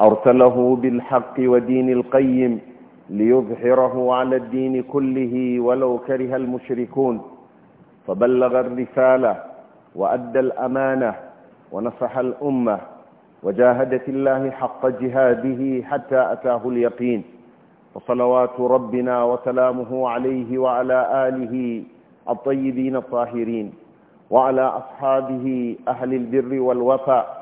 أرسله بالحق ودين القيم ليظهره على الدين كله ولو كره المشركون فبلغ الرسالة وأدى الأمانة ونصح الأمة وجاهدت الله حق جهاده حتى أتاه اليقين فصلوات ربنا وسلامه عليه وعلى آله الطيبين الطاهرين وعلى أصحابه أهل البر والوفاء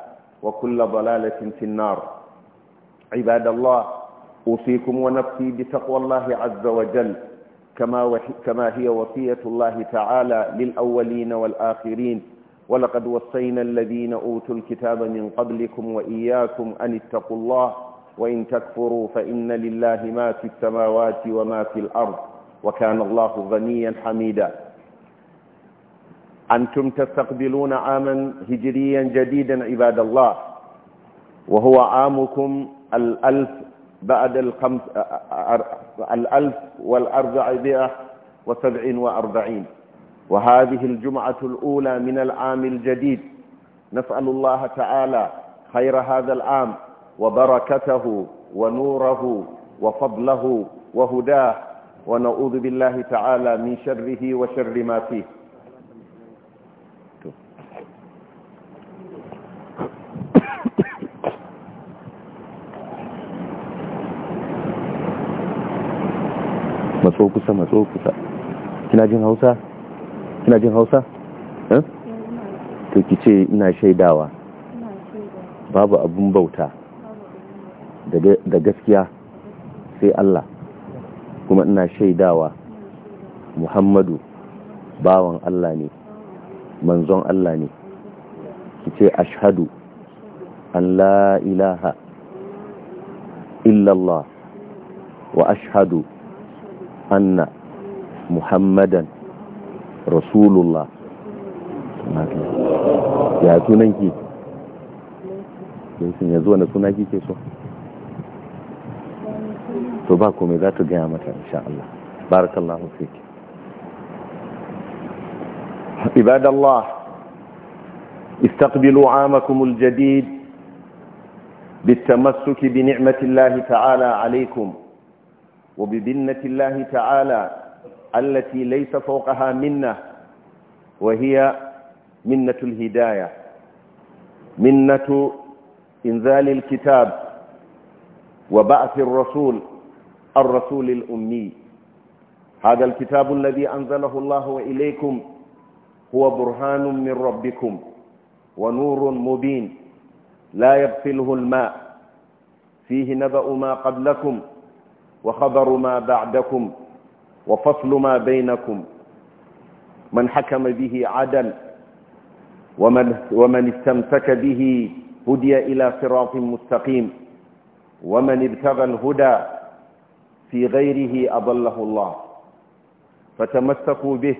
وكل ضلالة في النار عباد الله أوصيكم ونفسي بتقوى الله عز وجل كما, كما هي وصية الله تعالى للأولين والآخرين ولقد وصينا الذين أوتوا الكتاب من قبلكم وإياكم أن اتقوا الله وإن تكفروا فإن لله ما في السماوات وما في الأرض وكان الله غنيا حميدا أنتم تستقبلون عاما هجريا جديدا عباد الله وهو عامكم الألف بعد الخمس الألف والأربعمائة وسبعين وأربعين وهذه الجمعة الأولى من العام الجديد نسأل الله تعالى خير هذا العام وبركته ونوره وفضله وهداه ونعوذ بالله تعالى من شره وشر ما فيه matso kusa matso kusa kina jin hausa kina jin hausa eh? to ki ce ina shaidawa babu abun bauta da gaskiya sai Allah kuma ina shaidawa Muhammadu bawan Allah ne manzon Allah ne ki ce ashhadu an la illallah wa ashhadu أن محمدا رسول الله يا سنن كي يا زوانا سنن كي كيسو تباكو ميزات قيامة إن شاء الله بارك الله فيك عباد الله استقبلوا عامكم الجديد بالتمسك بنعمة الله تعالى عليكم وببنة الله تعالى التي ليس فوقها منة وهي منة الهداية منة إنزال الكتاب وبعث الرسول الرسول الأمي هذا الكتاب الذي أنزله الله إليكم هو برهان من ربكم ونور مبين لا يبخله الماء فيه نبأ ما قبلكم وخبر ما بعدكم وفصل ما بينكم من حكم به عدل ومن, ومن استمسك به هدي إلى صراط مستقيم ومن ابتغى الهدى في غيره أضله الله فتمسكوا به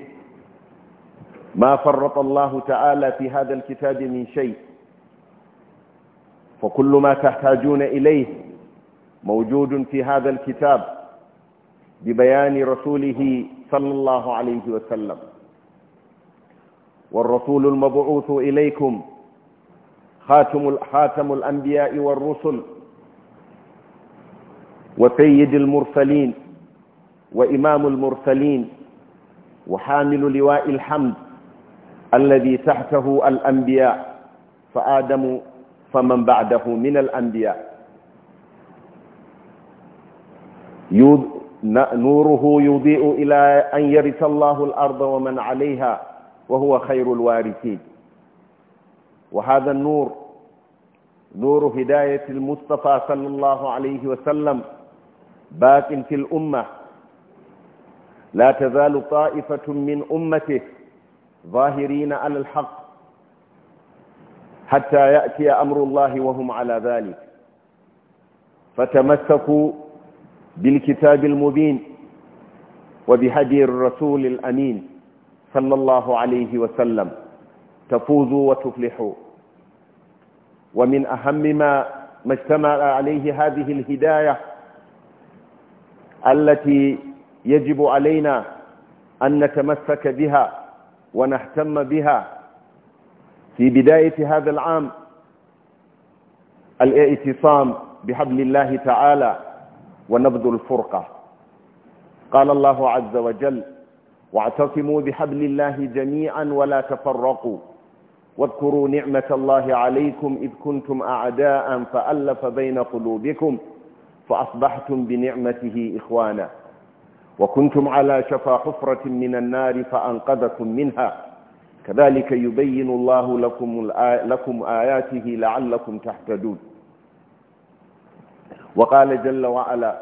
ما فرط الله تعالى في هذا الكتاب من شيء فكل ما تحتاجون إليه موجود في هذا الكتاب ببيان رسوله صلى الله عليه وسلم والرسول المبعوث إليكم خاتم, خاتم الأنبياء والرسل وسيد المرسلين وإمام المرسلين وحامل لواء الحمد الذي تحته الأنبياء فآدم فمن بعده من الأنبياء نوره يضيء إلى أن يرث الله الأرض ومن عليها وهو خير الوارثين وهذا النور نور هداية المصطفى صلى الله عليه وسلم باق في الأمة لا تزال طائفة من أمته ظاهرين على الحق حتى يأتي أمر الله وهم على ذلك فتمسكوا بالكتاب المبين وبهدي الرسول الأمين صلى الله عليه وسلم تفوزوا وتفلحوا ومن أهم ما ما اجتمع عليه هذه الهداية التي يجب علينا أن نتمسك بها ونهتم بها في بداية هذا العام الاعتصام بحبل الله تعالى ونبذ الفرقة قال الله عز وجل واعتصموا بحبل الله جميعا ولا تفرقوا واذكروا نعمة الله عليكم إذ كنتم أعداء فألف بين قلوبكم فأصبحتم بنعمته إخوانا وكنتم على شفا حفرة من النار فأنقذكم منها كذلك يبين الله لكم, لكم آياته لعلكم تحتدون وقال جل وعلا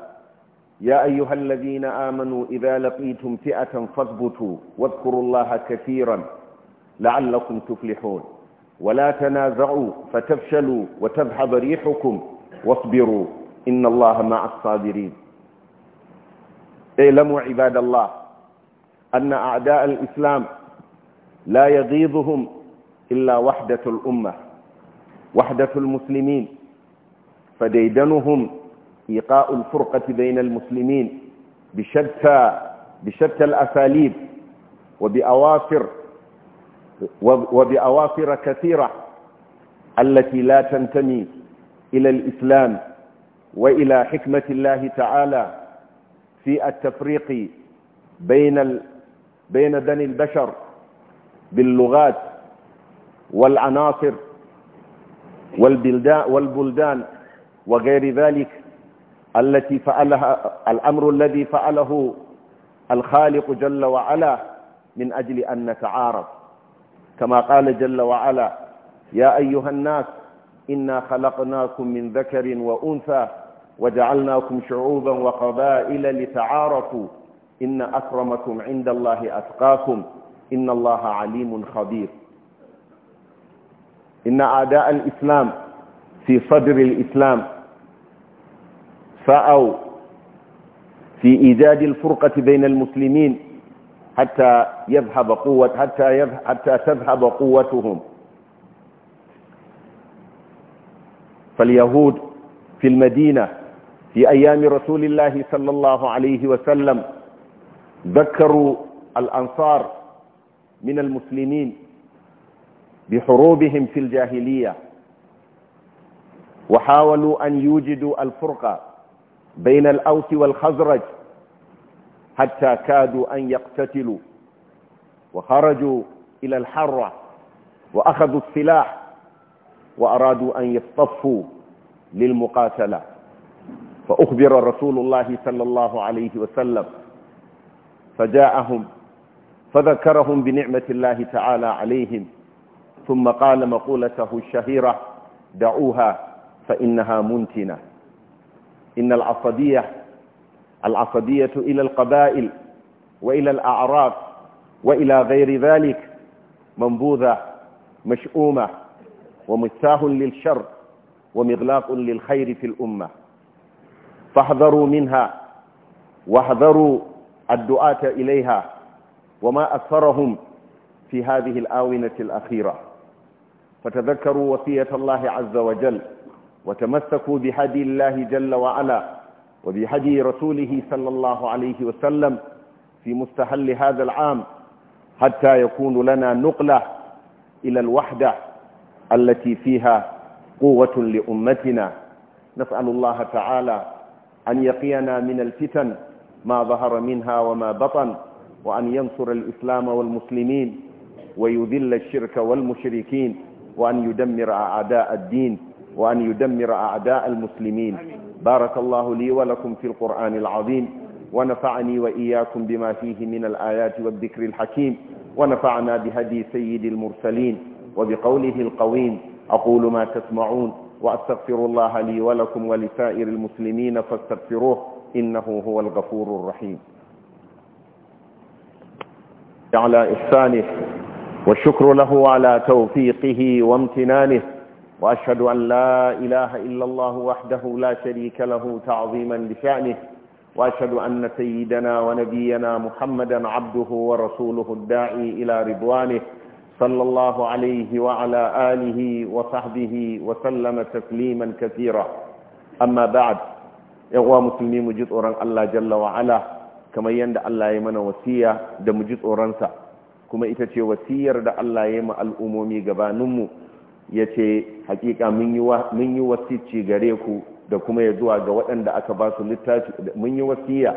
يا أيها الذين آمنوا إذا لقيتم فئة فاثبتوا واذكروا الله كثيرا لعلكم تفلحون ولا تنازعوا فتفشلوا وتذهب ريحكم واصبروا إن الله مع الصابرين اعلموا عباد الله أن أعداء الإسلام لا يغيظهم إلا وحدة الأمة وحدة المسلمين فديدنهم إيقاء الفرقة بين المسلمين بشتى, بشتى الأساليب وبأوافر وبأوافر كثيرة التي لا تنتمي إلى الإسلام وإلى حكمة الله تعالى في التفريق بين بين بني البشر باللغات والعناصر والبلدان وغير ذلك التي فعلها الأمر الذي فعله الخالق جل وعلا من أجل أن نتعارف كما قال جل وعلا يا أيها الناس إنا خلقناكم من ذكر وأنثى وجعلناكم شعوبا وقبائل لتعارفوا إن أكرمكم عند الله أتقاكم إن الله عليم خبير إن أعداء الإسلام في صدر الإسلام فأو في إيجاد الفرقة بين المسلمين حتى يذهب قوة حتى يذهب حتى تذهب قوتهم فاليهود في المدينة في أيام رسول الله صلى الله عليه وسلم ذكروا الأنصار من المسلمين بحروبهم في الجاهلية وحاولوا أن يوجدوا الفرقة بين الأوس والخزرج حتى كادوا أن يقتتلوا وخرجوا إلى الحرة وأخذوا السلاح وأرادوا أن يصطفوا للمقاتلة فأخبر رسول الله صلى الله عليه وسلم فجاءهم فذكرهم بنعمة الله تعالى عليهم ثم قال مقولته الشهيرة دعوها فإنها منتنه إن العصبية العصبية إلى القبائل وإلى الأعراف وإلى غير ذلك منبوذة مشؤومة ومتاه للشر ومغلاق للخير في الأمة فاحذروا منها واحذروا الدعاة إليها وما أكثرهم في هذه الآونة الأخيرة فتذكروا وصية الله عز وجل وتمسكوا بهدي الله جل وعلا وبهدي رسوله صلى الله عليه وسلم في مستهل هذا العام حتى يكون لنا نقلة إلى الوحدة التي فيها قوة لأمتنا نسأل الله تعالى أن يقينا من الفتن ما ظهر منها وما بطن وأن ينصر الإسلام والمسلمين ويذل الشرك والمشركين وأن يدمر أعداء الدين وأن يدمر أعداء المسلمين بارك الله لي ولكم في القرآن العظيم ونفعني وإياكم بما فيه من الآيات والذكر الحكيم ونفعنا بهدي سيد المرسلين وبقوله القويم أقول ما تسمعون وأستغفر الله لي ولكم ولسائر المسلمين فاستغفروه إنه هو الغفور الرحيم على إحسانه والشكر له على توفيقه وامتنانه وأشهد أن لا إله إلا الله وحده لا شريك له تعظيما لشأنه وأشهد أن سيدنا ونبينا محمدا عبده ورسوله الداعي إلى رضوانه صلى الله عليه وعلى آله وصحبه وسلم تسليما كثيرا أما بعد إغوى مسلمين مجد أوران الله جل وعلا كما يند الله يمن وسيا دمجد أورانسا كما إتتي وسير دا الله يمن الأمومي قبانمو ya ce hakika mun yi wasicci gare ku da kuma ya zuwa ga waɗanda aka ba su littafi mun yi wasiya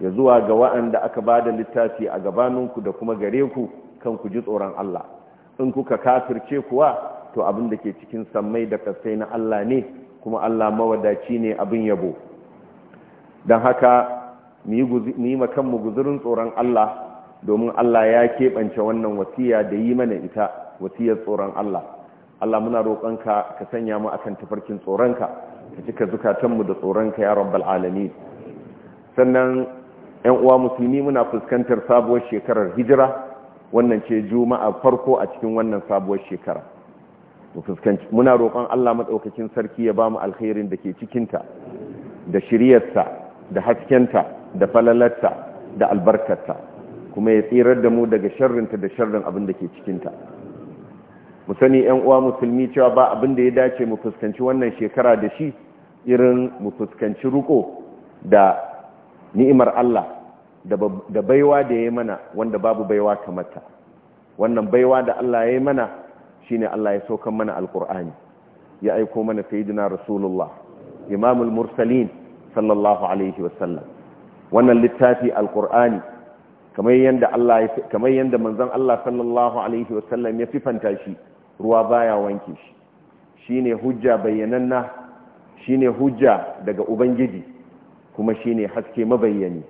ya zuwa ga waɗanda aka ba da littafi a gabaninku da kuma gare ku kan ku ji tsoron Allah in kuka kafirce kuwa to abin da ke cikin sammai da kasai na Allah ne kuma Allah mawadaci ne abin yabo don haka mu yi makanmu guzurin tsoron Allah domin Allah ya keɓance wannan wasiya da yi mana ita wasiyar tsoron Allah Allah muna roƙonka ka sanya mu akan tafarkin tsoronka ka cika zukatanmu da tsoronka ya rabbal alamin sannan ƴan uwa musulmi muna fuskantar sabuwar shekarar hijira wannan ce juma'a farko a cikin wannan sabuwar shekara muna roƙon Allah maɗaukakin sarki ya bamu alkhairin da ke cikinta da shiryarta da haskenta da falalarta da albarkarta kuma ya tsirar da mu daga sharrinta da sharrin abin da ke cikinta mu sani yan uwa musulmi cewa ba abin da ya dace mu fuskanci wannan shekara da shi irin mu fuskanci ruko da ni'imar Allah da baiwa da ya mana wanda babu baiwa kamata wannan baiwa da Allah ya mana shine Allah ya saukan mana alkur'ani ya aiko mana sayyidina rasulullah imamul mursalin sallallahu alaihi wasallam wannan littafi alkur'ani kamar yanda Allah kamar yanda manzon Allah sallallahu alaihi wasallam ya fifanta shi ruwa baya wanke shi shine hujja bayyananna shine hujja daga ubangiji kuma shine haske mabayyani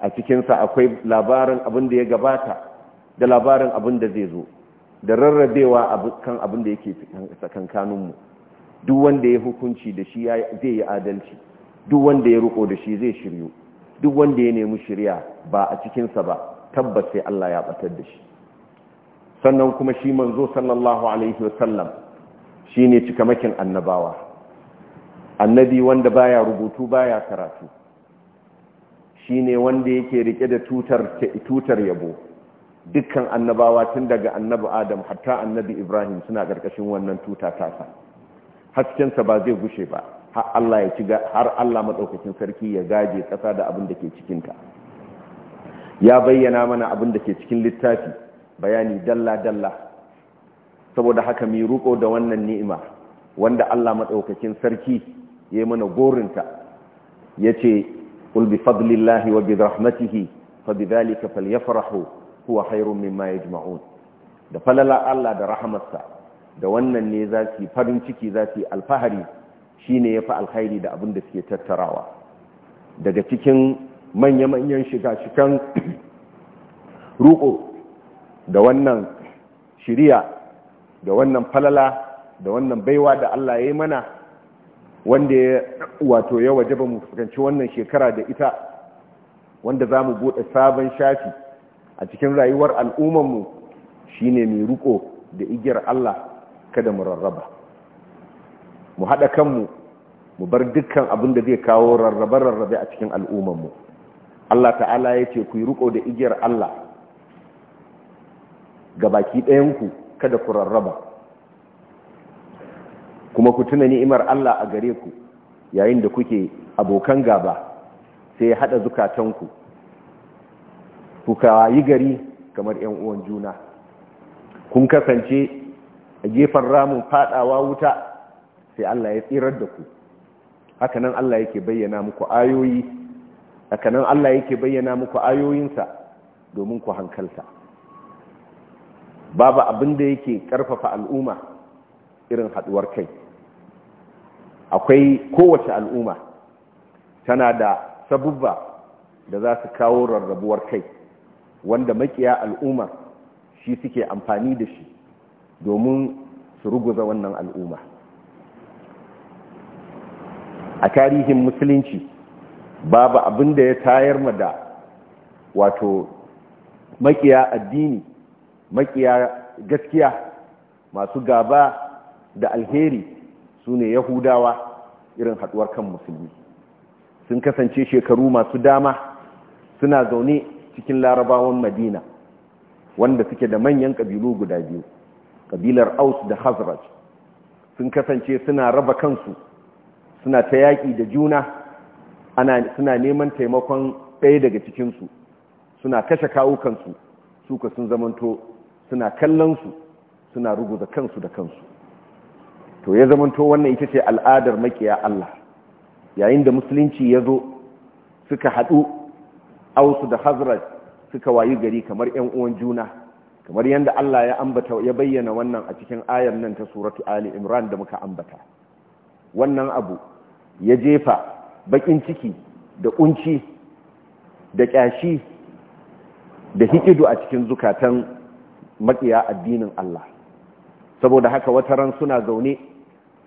a cikinsa akwai labarin abin da ya gabata da labarin abin da zai zo da rarrabewa kan abin da yake tsakankaninmu duk wanda ya hukunci da shi zai yi adalci duk wanda ya ruko da shi zai shiryu duk wanda ya nemi shirya ba a cikinsa ba tabbas sai Allah ya batar da shi sannan kuma shi manzo sallallahu alaihi wasallam shi ne cikamakin annabawa annabi wanda baya rubutu baya karatu shi ne wanda yake rike da tutar yabo dukkan annabawa tun daga annabi adam hatta annabi ibrahim suna ƙarƙashin wannan tuta tasa haskensa ba zai gushe ba har allah ya ci har allah maɗaukakin sarki ya gaje ƙasa da abin da ke cikinta ya bayyana mana abin da ke cikin littafi bayani dalla-dalla saboda haka mai ruko da wannan ni'ima wanda Allah maɗaukakin sarki ya yi mana gorinta ya ce bi fadlillahi wa bidrahmatihi fadidalika falyafrahu huwa hairun mimma ya jima'un da falala Allah da rahamarsa da wannan ne za su farin ciki za su alfahari shi ne ya fi alkhairi da abin da suke tattarawa daga cikin manya-manyan shiga-shikan ruko da wannan shiriya da wannan falala da wannan baiwa da Allah ya yi mana wanda ya wato ya waje ba mu fuskanci wannan shekara da ita wanda za mu buɗe sabon shafi a cikin rayuwar al'ummanmu shi ne mai ruko da igiyar Allah kada mu rarraba mu haɗa kanmu mu bar dukkan abin da zai kawo rarrabe-rarrabe a cikin al'ummanmu Allah ta'ala ya ce ku yi ruko da igiyar Allah ga baki ɗayanku kada ku rarraba kuma ku tuna ni'imar Allah a gare ku yayin da kuke abokan gaba sai ya haɗa zukatanku ku yi gari kamar 'yan uwan juna kun kasance a gefen ramin fadawa wuta sai Allah ya tsirar da ku hakanan Allah yake bayyana muku ayoyi hakanan Allah yake bayyana muku ayoyinsa domin ku hankalta babu abin da yake karfafa al'umma irin haduwar kai akwai kowace al'umma tana da sabubba da za su kawo rarrabuwar kai wanda makiya al'umma shi suke amfani da shi domin su ruguza wannan al'umma a tarihin musulunci babu abin da ya tayar ma da wato makiya addini makiya gaskiya masu gaba da alheri su ne yahudawa irin haduwar kan musulmi sun kasance shekaru masu dama suna zaune cikin larabawan madina wanda suke da manyan ƙabilu guda biyu ƙabilar aus da hazraj sun kasance suna raba kansu suna ta yaƙi da juna suna neman taimakon ɗaya daga cikinsu suna kashe kawukansu suka sun zamanto suna kallon su suna ruguza kansu da kansu to ya zamanto wannan ita ce al'adar makiya Allah yayin da musulunci ya zo suka haɗu ausu da hazrat suka wayi gari kamar 'yan uwan juna kamar yadda Allah ya ambata ya bayyana wannan a cikin ayar nan ta suratu ali imran da muka ambata wannan abu ya jefa bakin ciki da kunci da kyashi da hikidu a cikin zukatan makiya addinin Allah saboda haka wata ran suna zaune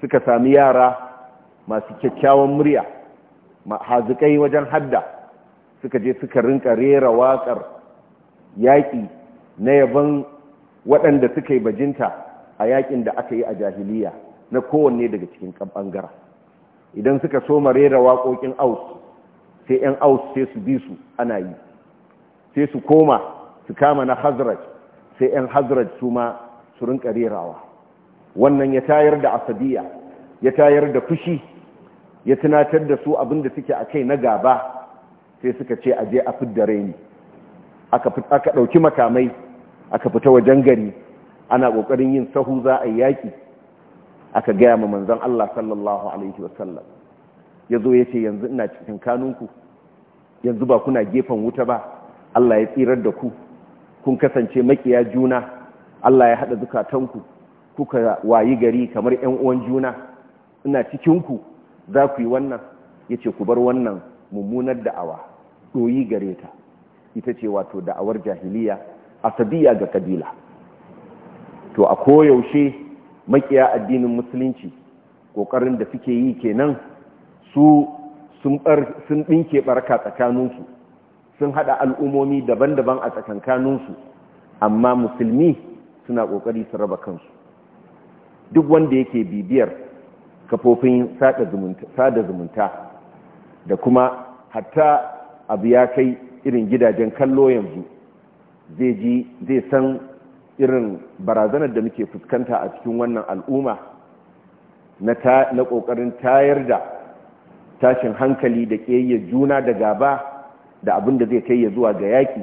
suka sami yara masu kyakkyawan murya hazikai wajen hadda suka je suka rinka rera waƙar yaƙi na yaban waɗanda suka yi bajinta a yaƙin da aka yi a jahiliya na kowanne daga cikin ɓangara idan suka soma rera waƙoƙin aus sai 'yan aus sai su bi su ana yi sai su koma su kama na hazrat sai 'yan hazrat su ma su rinka rerawa wannan ya tayar da asabiya ya tayar da fushi ya tunatar da su abin da suke a kai na gaba sai suka ce aje a fidda raini aka ɗauki makamai aka fita wajen gari ana ƙoƙarin yin sahu za a yaƙi aka gaya ma manzan Allah sallallahu Alaihi wasallam ya zo ya ce yanzu ina cikin kanunku yanzu ba kuna gefen wuta ba Allah ya tsirar da ku kun kasance makiya juna Allah ya haɗa zukatanku kuka wayi gari kamar ‘yan uwan juna ina cikinku za ku yi wannan ya ce ku bar wannan mummunar da'awa ɗoyi gare ta ita ce wato da'awar jahiliya a asabiya ga kabila to a koyaushe makiya addinin musulunci ƙoƙarin da suke yi kenan su sun ɗinke ɓarka tsakaninsu sun hada al'umomi daban-daban a tsakankaninsu amma musulmi suna kokari su raba kansu duk wanda yake bibiyar kafofin sada zumunta da kuma hatta abu ya kai irin gidajen kallo yanzu zai ji zai san irin barazanar da muke fuskanta a cikin wannan al'umma na ƙoƙarin tayar da tashin hankali da ƙeyar juna da gaba da abin da zai kai ya zuwa ga yaki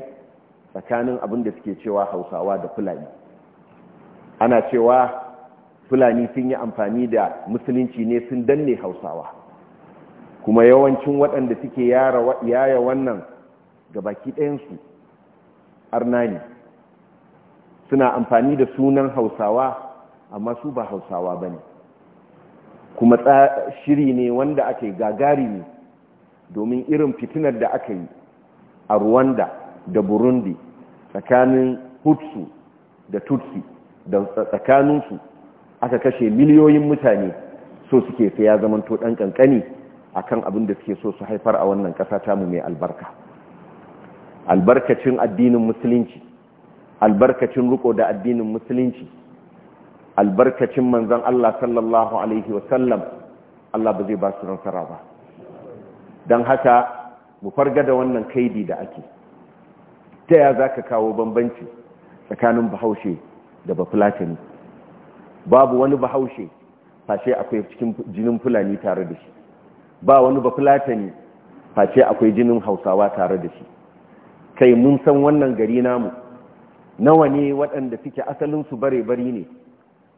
tsakanin abin da suke cewa hausawa da fulani ana cewa fulani sun yi amfani da musulunci ne sun danne hausawa kuma yawancin waɗanda suke yaya wannan ga baki ɗayansu arna ne suna amfani da sunan hausawa amma su ba hausawa ba ne kuma shiri ne wanda aka yi gagari ne domin irin fitinar da aka yi a Rwanda da Burundi tsakanin Hutsu da Tutsi da tsakaninsu aka kashe miliyoyin mutane so suke sai ya zamanto ɗan ƙanƙani a kan abin da suke so su haifar a wannan ƙasa mu mai albarka albarkacin addinin musulunci albarkacin riko da addinin musulunci albarkacin manzan Allah sallallahu alaihi wasallam Allah ba zai ba su nasara ba don haka mu farga da wannan kaidi da ake ta ya za ka kawo bambanci tsakanin bahaushe da bafulatani babu wani bahaushe face akwai cikin jinin fulani tare da shi ba wani bafulatani face akwai jinin hausawa tare da shi kai mun san wannan gari namu nawa ne waɗanda suke asalinsu bare-bari ne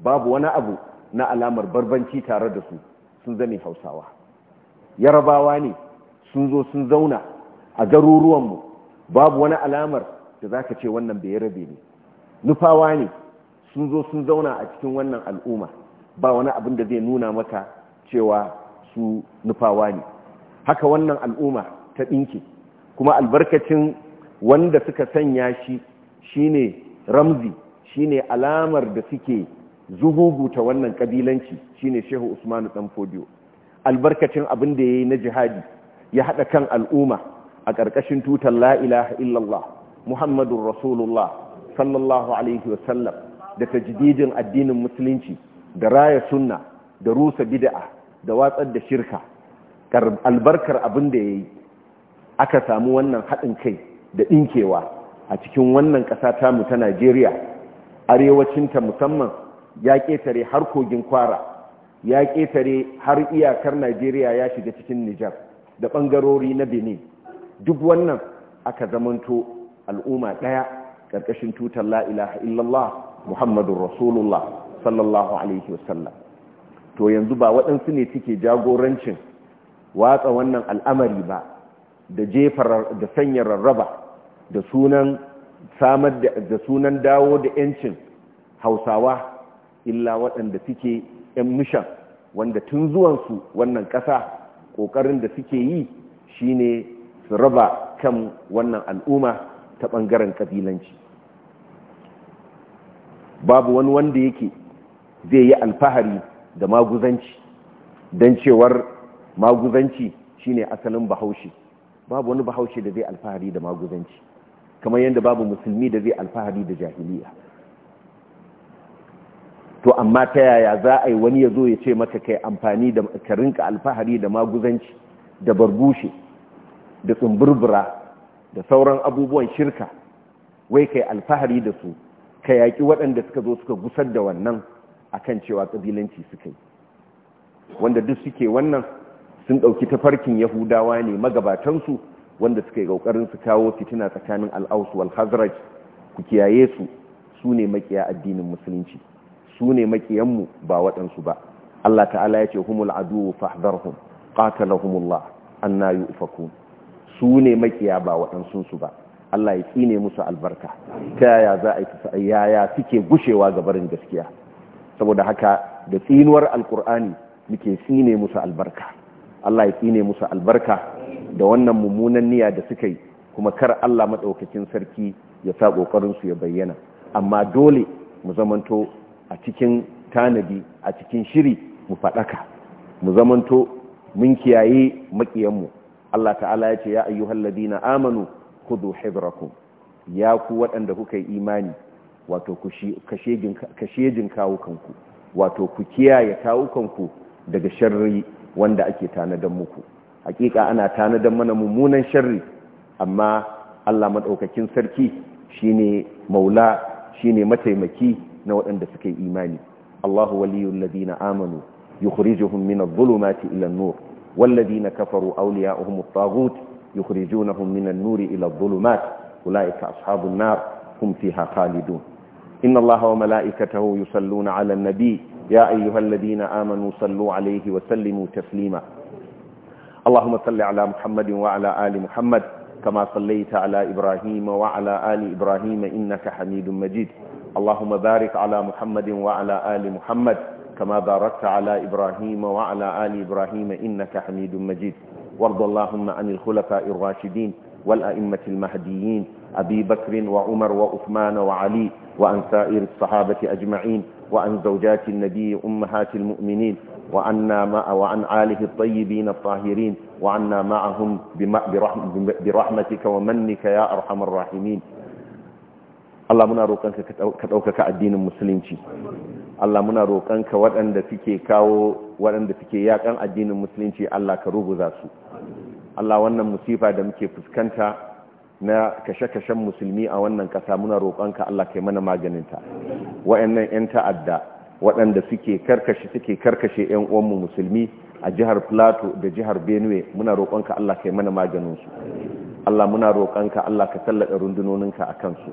babu wani abu na alamar barbanci tare da su sun zane hausawa yarabawa ne sun zo sun zauna a garuruwanmu babu wani alamar da za ka ce wannan bai rabe ne nufawa ne sun zo sun zauna a cikin wannan al'umma ba wani abin da zai nuna maka cewa su nufawa ne haka wannan al'umma ta ɗinki kuma albarkacin wanda suka sanya shi shine ramzi shine alamar da suke zuguguta wannan kabilanci shine shehu usmanu ɗan fodiyo albarkacin abin da ya yi na jihadi ya haɗa kan al'umma a ƙarƙashin tutar lailaha illallah muhammadun rasulullah sallallahu alaihi wasallam da ta tajdidin addinin musulunci da raya sunna da rusa bida'a da watsar da shirka albarkar abin da ya yi aka samu wannan haɗin kai da ɗinkewa a cikin wannan ƙasa tamu ta Najeriya arewacinta musamman ya ƙetare har kogin kwara ya ƙetare har iyakar Najeriya ya shiga cikin Nijar da ɓangarori na benin duk wannan aka zamanto al'umma ɗaya ƙarƙashin tutar la'ilaha illallah muhammadun rasulullah sallallahu alaihi wasallam to yanzu ba waɗansu ne suke jagorancin watsa wannan al'amari ba da jefar da sanya rarraba da sunan samar da sunan dawo da yancin hausawa illa waɗanda suke yan mishan wanda tun zuwansu wannan ƙasa ƙoƙarin da suke yi shine su raba kan wannan al'umma ta ɓangaren ƙabilanci babu wani wanda yake zai yi alfahari da maguzanci don cewar maguzanci shine asalin bahaushe babu wani bahaushe da zai alfahari da maguzanci kamar yadda babu musulmi da zai alfahari da jahiliya to amma ta yaya za a yi wani ya zo ya ce maka kai amfani da ka alfahari da maguzanci da barbushe da tsumburbura da sauran abubuwan shirka wai kai alfahari da su ka yaƙi waɗanda suka zo suka gusar da wannan a kan cewa ƙabilanci suka yi wanda duk suke wannan sun ɗauki tafarkin yahudawa ne magabatansu wanda suka yi ƙoƙarin su kawo fitina tsakanin al'ausu wal hazraj ku kiyaye su su ne makiya addinin musulunci su ne makiyanmu ba waɗansu ba Allah ta'ala ya ce humul aduwu fahdharhum qatalahumullah anna yufakun su ne makiya ba waɗansu su ba Allah ya tsine musu albarka ta yaya za a yi yaya suke gushewa ga barin gaskiya saboda haka da tsinuwar alkur'ani muke tsine musu albarka Allah ya tsine musu albarka da wannan mummunan niyya da suka yi kuma kar Allah madaukakin sarki ya sa kokarin su ya bayyana amma dole mu zamanto a cikin tanadi a cikin shiri mu faɗaka mu zamanto mun kiyaye maƙiyanmu Allah ta'ala ya ce ya ayyuhal ladina amanu khudhu hibrakum ya ku waɗanda kuka yi imani wato ku kashejin kawo kanku wato ku kiyaye kawukanku kanku daga sharri wanda ake tanadan muku hakika ana tanadan mana mummunan sharri amma Allah madaukakin sarki shine maula shine mataimaki na waɗanda suke imani Allahu waliyul ladina amanu yukhrijuhum min adh-dhulumati ila an-nur wal ladina kafaru awliya'uhum at-taghut yukhrijunahum min an-nur ila adh-dhulumat ulaika ashabun nar hum fiha khalidun inna Allaha wa mala'ikatahu yusalluna 'ala an-nabi ya ayyuhalladhina amanu sallu 'alayhi wa sallimu taslima اللهم صل على محمد وعلى آل محمد كما صليت على إبراهيم وعلى آل إبراهيم إنك حميد مجيد اللهم بارك على محمد وعلى آل محمد كما باركت على إبراهيم وعلى آل إبراهيم إنك حميد مجيد وارض اللهم عن الخلفاء الراشدين والأئمة المهديين أبي بكر وعمر وعثمان وعلي وأن سائر الصحابة أجمعين وأن زوجات النبي أمهات المؤمنين وعنا ما وعن آله الطيبين الطاهرين وعنا معهم برحمتك ومنك يا أرحم الراحمين Allah muna roƙonka ka ɗaukaka addinin musulunci Allah muna roƙonka waɗanda suke kawo waɗanda suke yaƙan addinin musulunci Allah ka rubuza su Allah wannan musifa da muke fuskanta na kashe-kashen musulmi a wannan ƙasa muna roƙonka Allah ka yi mana maganinta waɗannan 'yan ta'adda waɗanda suke karkashe suke karkashe 'yan uwanmu musulmi a jihar Plateau da jihar Benue muna roƙonka Allah ka yi mana maganinsu Allah muna roƙonka Allah ka tallata rundunoninka a kansu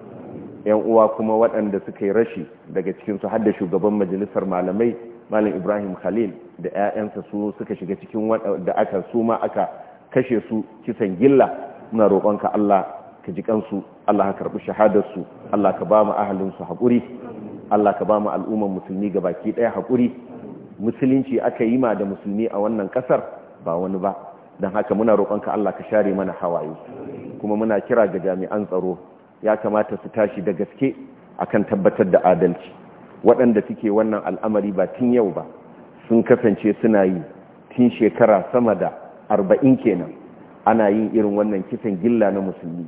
yan uwa kuma waɗanda suka yi rashi daga cikinsu hadda da shugaban majalisar malamai malam ibrahim khalil da 'ya'yansa su suka shiga cikin waɗanda aka su ma aka kashe su kisan gilla muna roƙonka allah ka ji kansu allah ka karɓi shahadarsu allah ka ba mu ahalinsu haƙuri allah ka ba mu al'ummar musulmi ga baki ɗaya haƙuri musulunci aka yi ma da musulmi a wannan ƙasar ba wani ba don haka muna roƙonka allah ka share mana hawaye kuma muna kira ga jami'an tsaro ya kamata su tashi da gaske akan tabbatar da adalci waɗanda suke wannan al'amari ba tun yau ba sun kasance suna yi tun shekara sama da arba'in kenan ana yin irin wannan kisan gilla na musulmi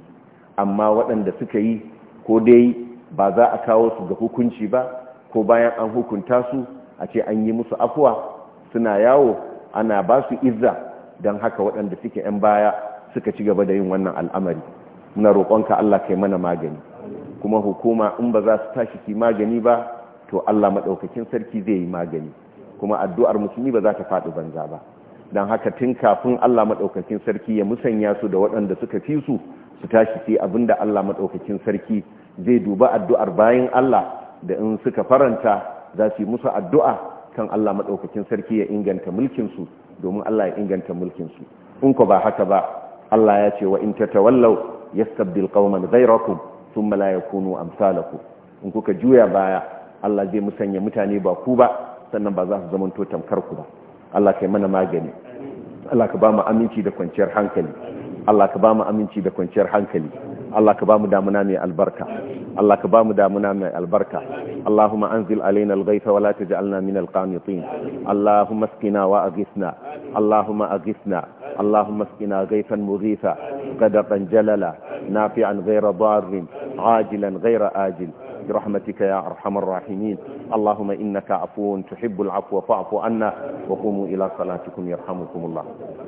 amma waɗanda suka yi ko dai ba za a kawo su ga hukunci ba ko bayan an hukunta su a ce an yi musu afuwa suna yawo ana ba su izza don haka waɗanda suke 'yan baya suka ci gaba da yin wannan al'amari na roƙonka Allah kai mana magani kuma hukuma in ba za su tashi ki magani ba to Allah maɗaukakin sarki zai yi magani kuma addu'ar musulmi ba za ta faɗi banza ba don haka tun kafin Allah maɗaukakin sarki ya musanya su da waɗanda suka fi su su tashi sai da Allah maɗaukakin sarki zai duba addu'ar bayan Allah da in suka faranta za su yi musu addu'a kan Allah maɗaukakin sarki ya inganta mulkin su domin Allah ya inganta mulkin su in ko ba haka ba Allah ya ce wa in tatawallaw yastabdil qauman ghayrakum thumma la yakunu amsalakum in kuka juya baya Allah zai musanya mutane ba ku ba sannan ba za su zama to tamkar ku ba Allah kai mana magani Allah ka ba mu aminci da kwanciyar hankali Allah ka ba mu aminci da kwanciyar hankali Allah ka ba mu damuna mai albarka Allah ka ba mu damuna mai albarka Allahumma anzil alaina al-ghaytha wa la taj'alna min al-qanitin Allahumma asqina wa aghithna Allahumma aghithna اللهم اسقنا غيثا مغيثا قدقا جللا نافعا غير ضار عاجلا غير آجل برحمتك يا أرحم الراحمين اللهم إنك عفو تحب العفو فاعف عنا وقوموا إلى صلاتكم يرحمكم الله